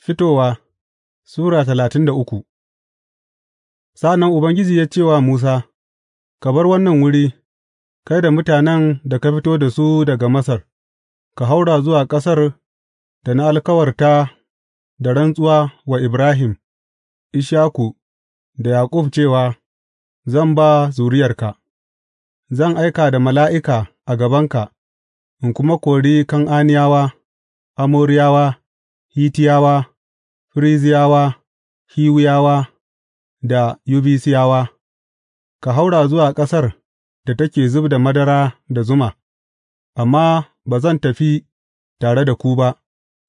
Fitowa Sura talatin da uku Sa'an nan Ubangiji ya ce wa Musa, Ka bar wannan wuri, kai da mutanen da ka fito da su daga Masar, ka haura zuwa ƙasar da na alkawarta da rantsuwa wa Ibrahim, Ishaku da Yaƙub cewa, Zan ba zuriyarka, zan aika da mala'ika a gabanka in kuma kori Kan'aniyawa, Amoriyawa. Hittiyawa, Ferizziyawa, Hiwiyawa da Yebusiyawa, ka haura zuwa ƙasar da take zub da madara da zuma, amma ba zan tafi tare da ku ba,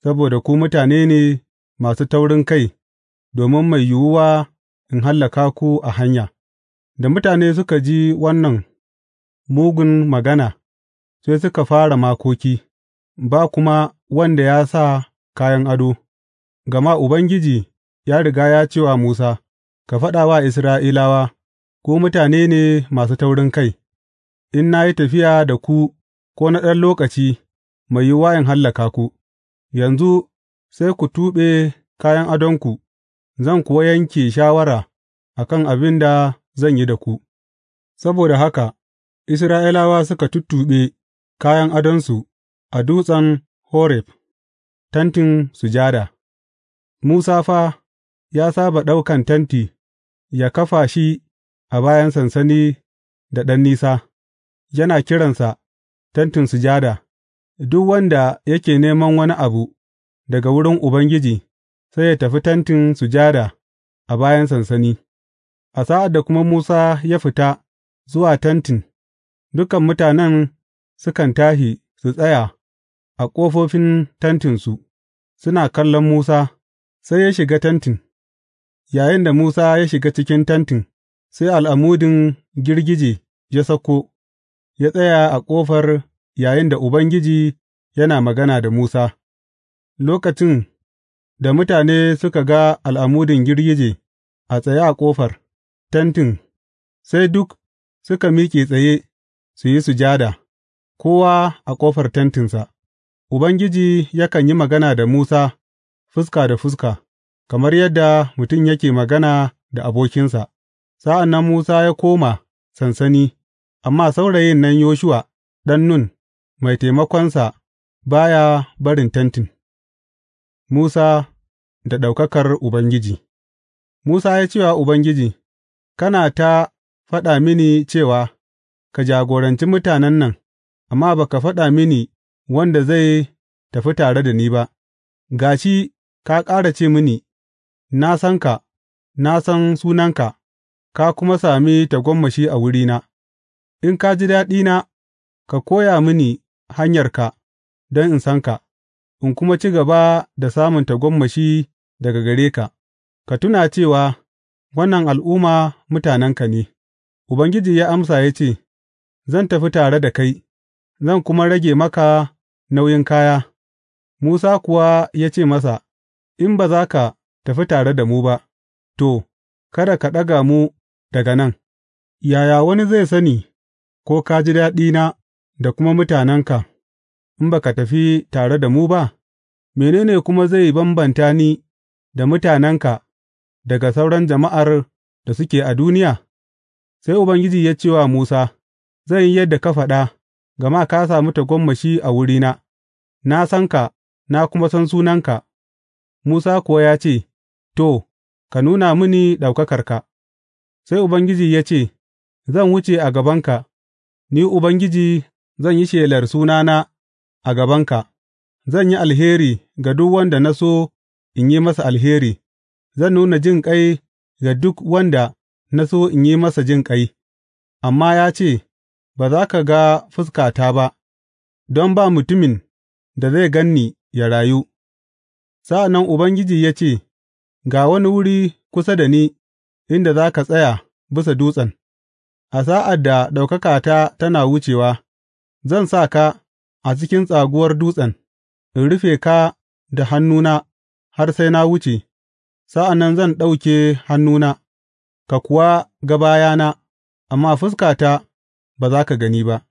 saboda ku mutane ne masu taurin kai domin mai yiwuwa in hallaka ku a hanya. Da mutane suka ji wannan mugun magana, sai suka fara makoki, ba kuma wanda ya sa kayan ado, gama Ubangiji ya riga ya ce wa Musa, Ka faɗa wa Isra'ilawa, Ku mutane ne masu taurinkai, in na yi tafiya da ku ko na ɗan lokaci, mai yi wayan hallaka ku, yanzu sai ku tuɓe kayan adonku, zan kuwa yanke shawara a kan abin da zan yi da ku. Saboda haka, Isra'ilawa suka tuttuɓe kayan adonsu a dutsen Horeb. Tentin sujada Musa fa ya saba ɗaukan tenti ya kafa shi a bayan sansani da ɗan nisa, yana kiransa Tentin Sujada, duk wanda yake neman wani abu daga wurin Ubangiji, sai ya tafi Tentin Sujada a bayan sansani, a sa'ad da kuma Musa ya fita zuwa tentin, dukan mutanen sukan tahi su tsaya. a ƙofofin tentinsu, suna kallon Musa, sai ya shiga tentin, yayinda Musa ya shiga cikin tentin, sai al'amudin girgije ya sauko, ya tsaya a ƙofar yayinda Ubangiji yana magana da Musa, lokacin da mutane suka ga al'amudin girgije a tsaye a ƙofar tentin, sai duk suka miƙe tsaye su yi sujada, kowa a ƙofar tentinsa. Ubangiji yakan yi magana da Musa fuska da fuska, kamar yadda mutum yake magana da abokinsa, sa'an nan Musa ya koma sansani, amma saurayin nan Yoshuwa ɗan Nun mai taimakonsa ba ya barin tentin. Musa da ɗaukakar Ubangiji Musa ya ce wa Ubangiji, Kana ta faɗa mini cewa, Ka jagoranci mutanen nan, amma ba ka faɗa mini wanda zai tafi tare da ni ba, ga shi ka ƙara ce mini, Na san ka, na san sunanka, ka kuma sami tagomashi a wurina, in ka ji daɗina, ka koya mini hanyarka don in san ka, in kuma ci gaba da samun tagomashi daga gare ka, ka tuna cewa wannan al'umma mutanenka ne. Ubangiji ya amsa ya ce, Zan tafi tare da kai, zan kuma rage maka nauyin kaya, Musa kuwa ya ce masa, In ba za ka tafi tare da mu ba, to, kada ka ɗaga mu daga nan, yaya wani zai sani ko ka ji daɗina da kuma mutanenka, in ba ka tafi tare da mu ba? Menene kuma zai bambanta ni da mutanenka daga sauran jama'ar da suke a duniya? Sai Ubangiji ya ce wa Musa, Zan yi yadda ka faɗa. gama ka sami tagomashi a wurina, na san ka na kuma san sunanka, Musa kuwa ya ce, To, ka nuna mini ɗaukakarka, sai Ubangiji ya ce, Zan wuce a gabanka, ni Ubangiji zan yi shelar sunana a gabanka, zan yi alheri ga duk wanda na so in yi masa alheri, zan nuna jin ƙai ga duk wanda na so in yi masa jin ƙai. amma ya ce, ba za ka ga fuskata ba, don ba mutumin da zai gan ni ya rayu. Sa'an nan Ubangiji ya ce, Ga wani wuri kusa da ni inda za ka tsaya bisa dutsen, a sa'ad da ɗaukakata tana wucewa, zan sa ka a cikin tsaguwar dutsen, in rufe ka da hannuna har sai na wuce, sa'an nan zan ɗauke hannuna, ka kuwa ga bayana, amma fuskata. ba za ka gani ba.